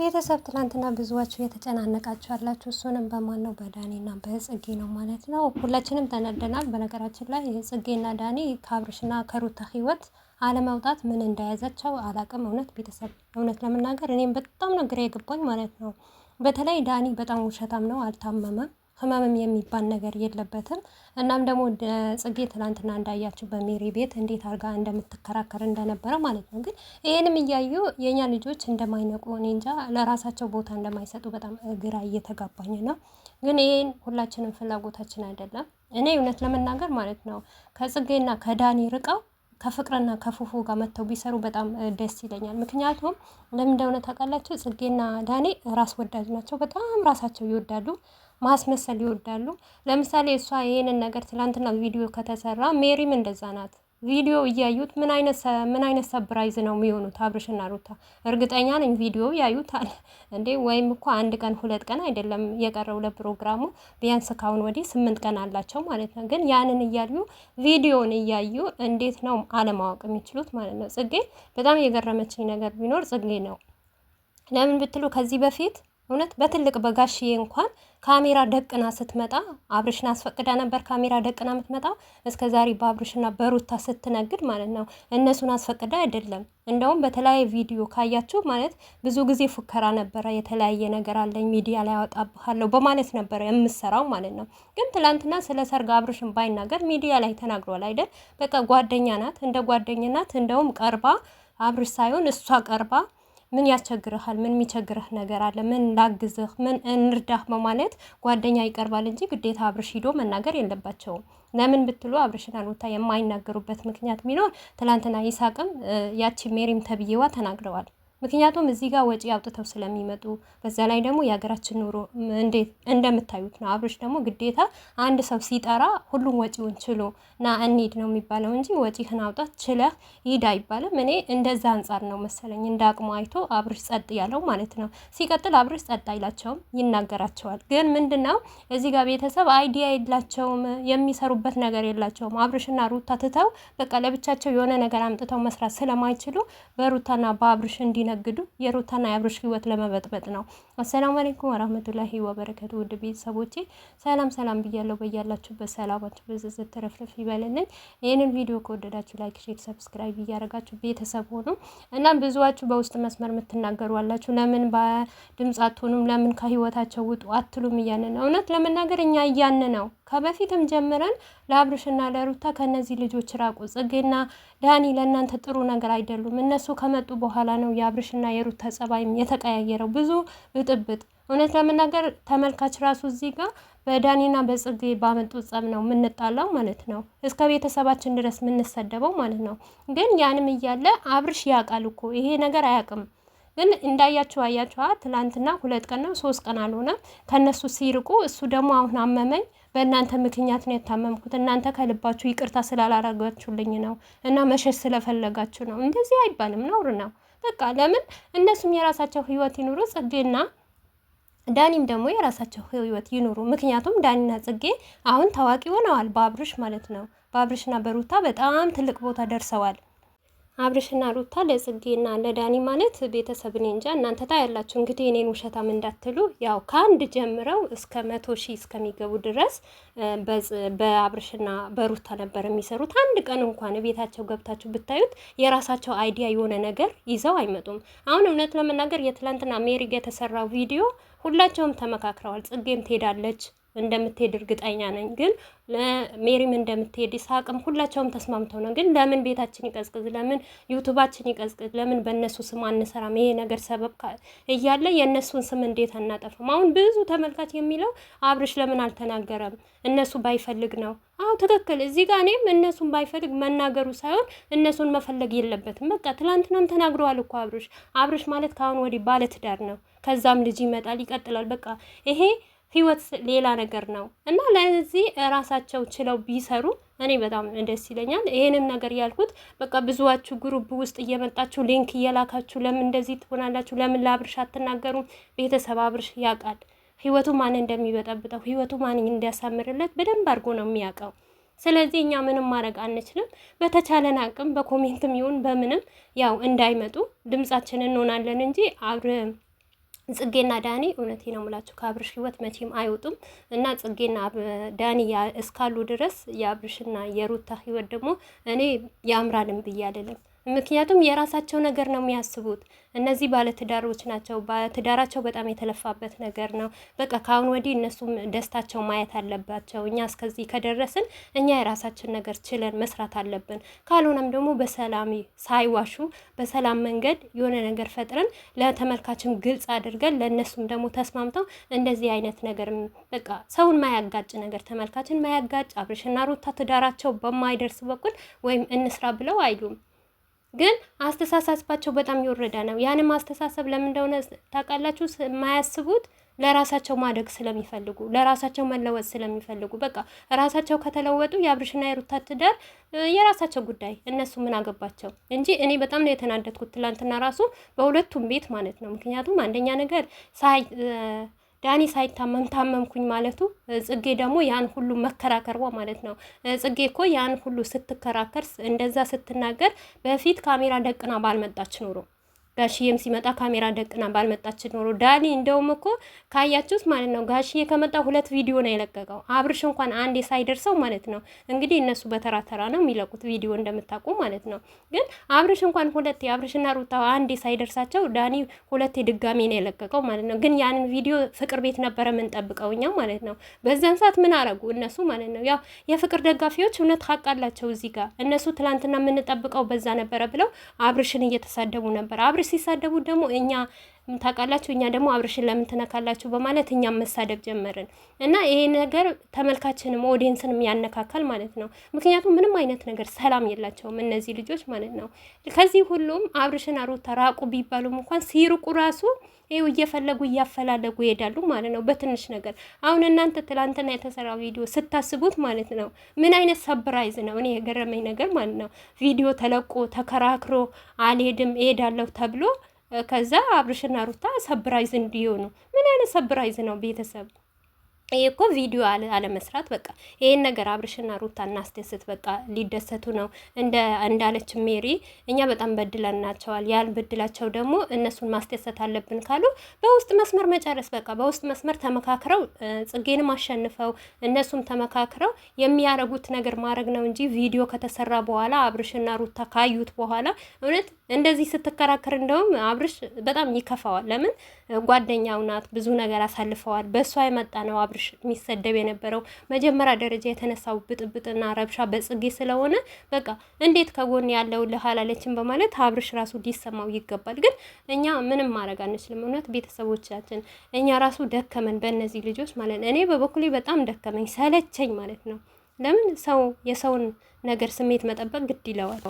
ቤተሰብ ትናንትና ብዙዋችሁ እየተጨናነቃችሁ ያላችሁ እሱንም በማን ነው? በዳኒና በጽጌ ነው ማለት ነው። ሁላችንም ተነደናል። በነገራችን ላይ ጽጌና ዳኒ ከአብርሽና ከሩታ ህይወት አለመውጣት ምን እንደያዛቸው አላቅም። እውነት ቤተሰብ እውነት ለመናገር እኔም በጣም ነው ግራ የገባኝ ማለት ነው። በተለይ ዳኒ በጣም ውሸታም ነው፣ አልታመመም ህመምም የሚባል ነገር የለበትም። እናም ደግሞ ጽጌ ትናንትና እንዳያችሁ በሜሪ ቤት እንዴት አድርጋ እንደምትከራከር እንደነበረ ማለት ነው። ግን ይህንም እያዩ የእኛ ልጆች እንደማይነቁ እኔ እንጃ ለራሳቸው ቦታ እንደማይሰጡ በጣም ግራ እየተጋባኝ ነው። ግን ይህን ሁላችንም ፍላጎታችን አይደለም። እኔ እውነት ለመናገር ማለት ነው ከጽጌና ከዳኒ ርቀው ከፍቅርና ከፉፉ ጋር መጥተው ቢሰሩ በጣም ደስ ይለኛል። ምክንያቱም ለምን እንደሆነ ታውቃላችሁ? ጽጌና ዳኔ ራስ ወዳጅ ናቸው። በጣም ራሳቸው ይወዳሉ፣ ማስመሰል ይወዳሉ። ለምሳሌ እሷ ይህንን ነገር ትላንትና ቪዲዮ ከተሰራ ሜሪም እንደዛ ናት። ቪዲዮ እያዩት ምን አይነት ምን አይነት ሰብራይዝ ነው የሚሆኑት አብርሽና ሩታ? እርግጠኛ ነኝ ቪዲዮ ያዩታል እንዴ። ወይም እኮ አንድ ቀን ሁለት ቀን አይደለም የቀረው ለፕሮግራሙ፣ ቢያንስ ካሁን ወዲህ ስምንት ቀን አላቸው ማለት ነው። ግን ያንን እያዩ ቪዲዮን እያዩ እንዴት ነው አለማወቅ የሚችሉት ማለት ነው። ጽጌ በጣም የገረመችኝ ነገር ቢኖር ጽጌ ነው። ለምን ብትሉ ከዚህ በፊት እውነት በትልቅ በጋሽዬ እንኳን ካሜራ ደቅና ስትመጣ አብርሽን አስፈቅዳ ነበር ካሜራ ደቅና የምትመጣው። እስከ ዛሬ በአብርሽና በሩታ ስትነግድ ማለት ነው። እነሱን አስፈቅዳ አይደለም። እንደውም በተለያየ ቪዲዮ ካያችሁ ማለት ብዙ ጊዜ ፉከራ ነበረ። የተለያየ ነገር አለኝ ሚዲያ ላይ ያወጣብሃለሁ በማለት ነበረ የምሰራው ማለት ነው። ግን ትላንትና ስለ ሰርግ አብርሽን ባይናገር ሚዲያ ላይ ተናግሯል አይደል? በቃ ጓደኛ ናት፣ እንደ ጓደኛ ናት። እንደውም ቀርባ አብርሽ ሳይሆን እሷ ቀርባ ምን ያስቸግርሃል? ምን የሚቸግርህ ነገር አለ? ምን ላግዝህ? ምን እንርዳህ? በማለት ጓደኛ ይቀርባል እንጂ ግዴታ አብርሽ ሂዶ መናገር የለባቸውም። ለምን ብትሉ አብርሽና ሩታ የማይናገሩበት ምክንያት ቢኖር ትላንትና ይሳቅም ያቺ ሜሪም ተብዬዋ ተናግረዋል። ምክንያቱም እዚህ ጋር ወጪ አውጥተው ስለሚመጡ በዛ ላይ ደግሞ የሀገራችን ኑሮ እንዴት እንደምታዩት ነው። አብሮች ደግሞ ግዴታ አንድ ሰው ሲጠራ ሁሉም ወጪውን ችሎ ና እንሂድ ነው የሚባለው እንጂ ወጪህን አውጣት ችለህ ሂድ አይባልም። እኔ እንደዛ አንጻር ነው መሰለኝ እንደ አቅሙ አይቶ አብርሽ ጸጥ ያለው ማለት ነው። ሲቀጥል አብርሽ ጸጥ አይላቸውም፣ ይናገራቸዋል። ግን ምንድን ነው እዚህ ጋር ቤተሰብ አይዲያ የላቸውም፣ የሚሰሩበት ነገር የላቸውም። አብርሽና ሩታ ትተው በቃ ለብቻቸው የሆነ ነገር አምጥተው መስራት ስለማይችሉ በሩታና በአብርሽ እንዲ የሚነግዱ የሩታና የአብርሽ ህይወት ለመበጥበጥ ነው። አሰላሙ አለይኩም ወራህመቱላሂ ወበረከቱ። ውድ ቤተሰቦቼ ሰላም ሰላም ብያለሁ። በያላችሁበት ሰላማችሁ ብዝዝት ተረፍረፍ ይበልልኝ። ይህንን ቪዲዮ ከወደዳችሁ ላይክ፣ ሼር፣ ሰብስክራይብ እያደረጋችሁ ቤተሰብ ሆኑ። እናም ብዙዋችሁ በውስጥ መስመር የምትናገሩ አላችሁ። ለምን በድምፅ አትሆኑም? ለምን ከህይወታቸው ውጡ አትሉም? እያን ነው እውነት ለመናገር እኛ እያን ነው ከበፊትም ጀምረን ለአብርሽና ለሩታ ከእነዚህ ልጆች ራቁ። ጽጌና ዳኒ ለእናንተ ጥሩ ነገር አይደሉም። እነሱ ከመጡ በኋላ ነው የአብርሽና የሩታ ጸባይም የተቀያየረው ብዙ ብጥብጥ እውነት ለመናገር ተመልካች ራሱ እዚህ ጋር በዳኒና በጽጌ ባመጡ ጸብ ነው የምንጣላው ማለት ነው። እስከ ቤተሰባችን ድረስ የምንሰደበው ማለት ነው። ግን ያንም እያለ አብርሽ ያውቃል እኮ ይሄ ነገር አያውቅም። ግን እንዳያችሁ አያችኋ፣ ትላንትና ሁለት ቀን ነው ሶስት ቀን አልሆነም ከእነሱ ሲርቁ፣ እሱ ደግሞ አሁን አመመኝ በእናንተ ምክንያት ነው የታመምኩት፣ እናንተ ከልባችሁ ይቅርታ ስላላረጋችሁልኝ ነው እና መሸሽ ስለፈለጋችሁ ነው። እንደዚህ አይባልም፣ ነውር ነው። በቃ ለምን እነሱም የራሳቸው ህይወት ይኑሩ ጽጌና ዳኒም ደግሞ የራሳቸው ህይወት ይኑሩ። ምክንያቱም ዳኒና ጽጌ አሁን ታዋቂ ሆነዋል፣ በአብርሽ ማለት ነው። በአብርሽና በሩታ በጣም ትልቅ ቦታ ደርሰዋል። አብርሽና ሩታ ለጽጌና ለዳኒ ማለት ቤተሰብ እኔ እንጃ እናንተ ታያላችሁ። እንግዲህ እኔን ውሸታም እንዳትሉ ያው ከአንድ ጀምረው እስከ መቶ ሺህ እስከሚገቡ ድረስ በአብርሽና በሩታ ነበር የሚሰሩት። አንድ ቀን እንኳን ቤታቸው ገብታችሁ ብታዩት የራሳቸው አይዲያ የሆነ ነገር ይዘው አይመጡም። አሁን እውነት ለመናገር የትላንትና ሜሪጋ የተሰራው ቪዲዮ ሁላቸውም ተመካክረዋል። ጽጌም ትሄዳለች እንደምትሄድ እርግጠኛ ነኝ። ግን ሜሪም እንደምትሄድ ይስሐቅም፣ ሁላቸውም ተስማምተው ነው። ግን ለምን ቤታችን ይቀዝቅዝ፣ ለምን ዩቱባችን ይቀዝቅዝ፣ ለምን በእነሱ ስም አንሰራም? ይሄ ነገር ሰበብ እያለ የእነሱን ስም እንዴት አናጠፋም? አሁን ብዙ ተመልካች የሚለው አብርሽ ለምን አልተናገረም? እነሱ ባይፈልግ ነው። አዎ ትክክል። እዚህ ጋር እኔም እነሱን ባይፈልግ መናገሩ ሳይሆን እነሱን መፈለግ የለበትም። በቃ ትላንትናም ተናግረዋል እኮ አብርሽ አብርሽ ማለት ከአሁን ወዲህ ባለትዳር ነው። ከዛም ልጅ ይመጣል፣ ይቀጥላል። በቃ ይሄ ህይወት ሌላ ነገር ነው እና ለዚህ ራሳቸው ችለው ቢሰሩ እኔ በጣም ደስ ይለኛል። ይህንም ነገር ያልኩት በቃ ብዙዋችሁ ግሩብ ውስጥ እየመጣችሁ ሊንክ እየላካችሁ ለምን እንደዚህ ትሆናላችሁ? ለምን ለአብርሽ አትናገሩም? ቤተሰብ አብርሽ ያውቃል ህይወቱ ማን እንደሚበጠብጠው ህይወቱ ማን እንዲያሳምርለት በደንብ አድርጎ ነው የሚያውቀው። ስለዚህ እኛ ምንም ማድረግ አንችልም። በተቻለን አቅም በኮሜንትም ይሁን በምንም ያው እንዳይመጡ ድምጻችን እንሆናለን እንጂ አብር ጽጌና ዳኒ እውነቴ ነው የምላችሁ ከአብርሽ ህይወት መቼም አይወጡም እና ጽጌና ዳኒ እስካሉ ድረስ የአብርሽና የሩታ ህይወት ደግሞ እኔ ያምራልም ብዬ አይደለም ምክንያቱም የራሳቸው ነገር ነው የሚያስቡት። እነዚህ ባለትዳሮች ናቸው። ትዳራቸው በጣም የተለፋበት ነገር ነው። በቃ ከአሁን ወዲህ እነሱም ደስታቸው ማየት አለባቸው። እኛ እስከዚህ ከደረስን እኛ የራሳችን ነገር ችለን መስራት አለብን። ካልሆነም ደግሞ በሰላም ሳይዋሹ በሰላም መንገድ የሆነ ነገር ፈጥረን ለተመልካችም ግልጽ አድርገን ለእነሱም ደግሞ ተስማምተው እንደዚህ አይነት ነገር በቃ ሰውን ማያጋጭ ነገር ተመልካችን ማያጋጭ አብርሽና ሩታ ትዳራቸው በማይደርስ በኩል ወይም እንስራ ብለው አይሉም። ግን አስተሳሰባቸው በጣም የወረደ ነው። ያንም አስተሳሰብ ለምን እንደሆነ ታውቃላችሁ? የማያስቡት ለራሳቸው ማደግ ስለሚፈልጉ ለራሳቸው መለወጥ ስለሚፈልጉ በቃ ራሳቸው ከተለወጡ የአብርሽና የሩታ ትዳር የራሳቸው ጉዳይ እነሱ ምን አገባቸው እንጂ እኔ በጣም ነው የተናደድኩት ትላንትና ራሱ በሁለቱም ቤት ማለት ነው። ምክንያቱም አንደኛ ነገር ሳይ ዳኒ ሳይታመም ታመምኩኝ ማለቱ ጽጌ ደግሞ ያን ሁሉ መከራከርቧ ማለት ነው። ጽጌ እኮ ያን ሁሉ ስትከራከር እንደዛ ስትናገር በፊት ካሜራ ደቅና ባልመጣች ኖሮ ጋሽዬም ሲመጣ ካሜራ ደቅና ባልመጣች ኖሮ ዳኒ እንደውም እኮ ካያችሁት ማለት ነው ጋሽዬ ከመጣ ሁለት ቪዲዮ ነው የለቀቀው። አብርሽ እንኳን አንዴ ሳይደርሰው ማለት ነው። እንግዲህ እነሱ በተራ ተራ ነው የሚለቁት ቪዲዮ እንደምታውቁ ማለት ነው። ግን አብርሽ እንኳን ሁለቴ አብርሽና ሩታ አንዴ ሳይደርሳቸው ዳኒ ሁለቴ ድጋሜ ነው የለቀቀው ማለት ነው። ግን ያንን ቪዲዮ ፍቅር ቤት ነበረ የምንጠብቀው እኛ ማለት ነው። በዛን ሰዓት ምን አረጉ እነሱ ማለት ነው። ያው የፍቅር ደጋፊዎች እውነት ሀቅ አላቸው እዚህ ጋር እነሱ ትላንትና የምንጠብቀው በዛ ነበረ ብለው አብርሽን እየተሳደቡ ነበር አብርሽ ሲሳደቡ ደግሞ እኛ ታውቃላችሁ፣ እኛ ደግሞ አብርሽን ለምን ትነካላችሁ በማለት እኛም መሳደብ ጀመርን እና ይሄ ነገር ተመልካችንም ኦዲየንስንም ያነካካል ማለት ነው። ምክንያቱም ምንም አይነት ነገር ሰላም የላቸውም እነዚህ ልጆች ማለት ነው። ከዚህ ሁሉም አብርሽን አሩታ ራቁ ቢባሉም እንኳን ሲርቁ ራሱ ይኸው እየፈለጉ እያፈላለጉ ይሄዳሉ ማለት ነው። በትንሽ ነገር አሁን እናንተ ትላንትና የተሰራ ቪዲዮ ስታስቡት ማለት ነው ምን አይነት ሰብራይዝ ነው? እኔ የገረመኝ ነገር ማለት ነው ቪዲዮ ተለቆ ተከራክሮ አልሄድም እሄዳለሁ ተብሎ ከዛ አብርሽና ሩታ ሰብራይዝ እንዲሆኑ ምን አይነት ሰብራይዝ ነው ቤተሰብ ይሄ እኮ ቪዲዮ አለመስራት በቃ ይሄን ነገር አብርሽና ሩታ እናስደስት። በቃ ሊደሰቱ ነው። እንዳለች ሜሪ እኛ በጣም በድለናቸዋል። ያን በድላቸው ደግሞ እነሱን ማስደሰት አለብን ካሉ በውስጥ መስመር መጨረስ በቃ በውስጥ መስመር ተመካክረው ጽጌንም አሸንፈው እነሱም ተመካክረው የሚያረጉት ነገር ማድረግ ነው እንጂ ቪዲዮ ከተሰራ በኋላ አብርሽና ሩታ ካዩት በኋላ እውነት እንደዚህ ስትከራከር እንደውም አብርሽ በጣም ይከፋዋል። ለምን ጓደኛው ናት፣ ብዙ ነገር አሳልፈዋል። በእሷ የመጣ ነው አብርሽ አብርሽ የሚሰደብ የነበረው መጀመሪያ ደረጃ የተነሳው ብጥብጥና ረብሻ በጽጌ ስለሆነ በቃ እንዴት ከጎን ያለው ልሃላለችን በማለት አብርሽ ራሱ ሊሰማው ይገባል። ግን እኛ ምንም ማድረግ አንችልም። እውነት ቤተሰቦቻችን እኛ ራሱ ደከመን በእነዚህ ልጆች ማለት እኔ በበኩሌ በጣም ደከመኝ ሰለቸኝ ማለት ነው። ለምን ሰው የሰውን ነገር ስሜት መጠበቅ ግድ ይለዋል?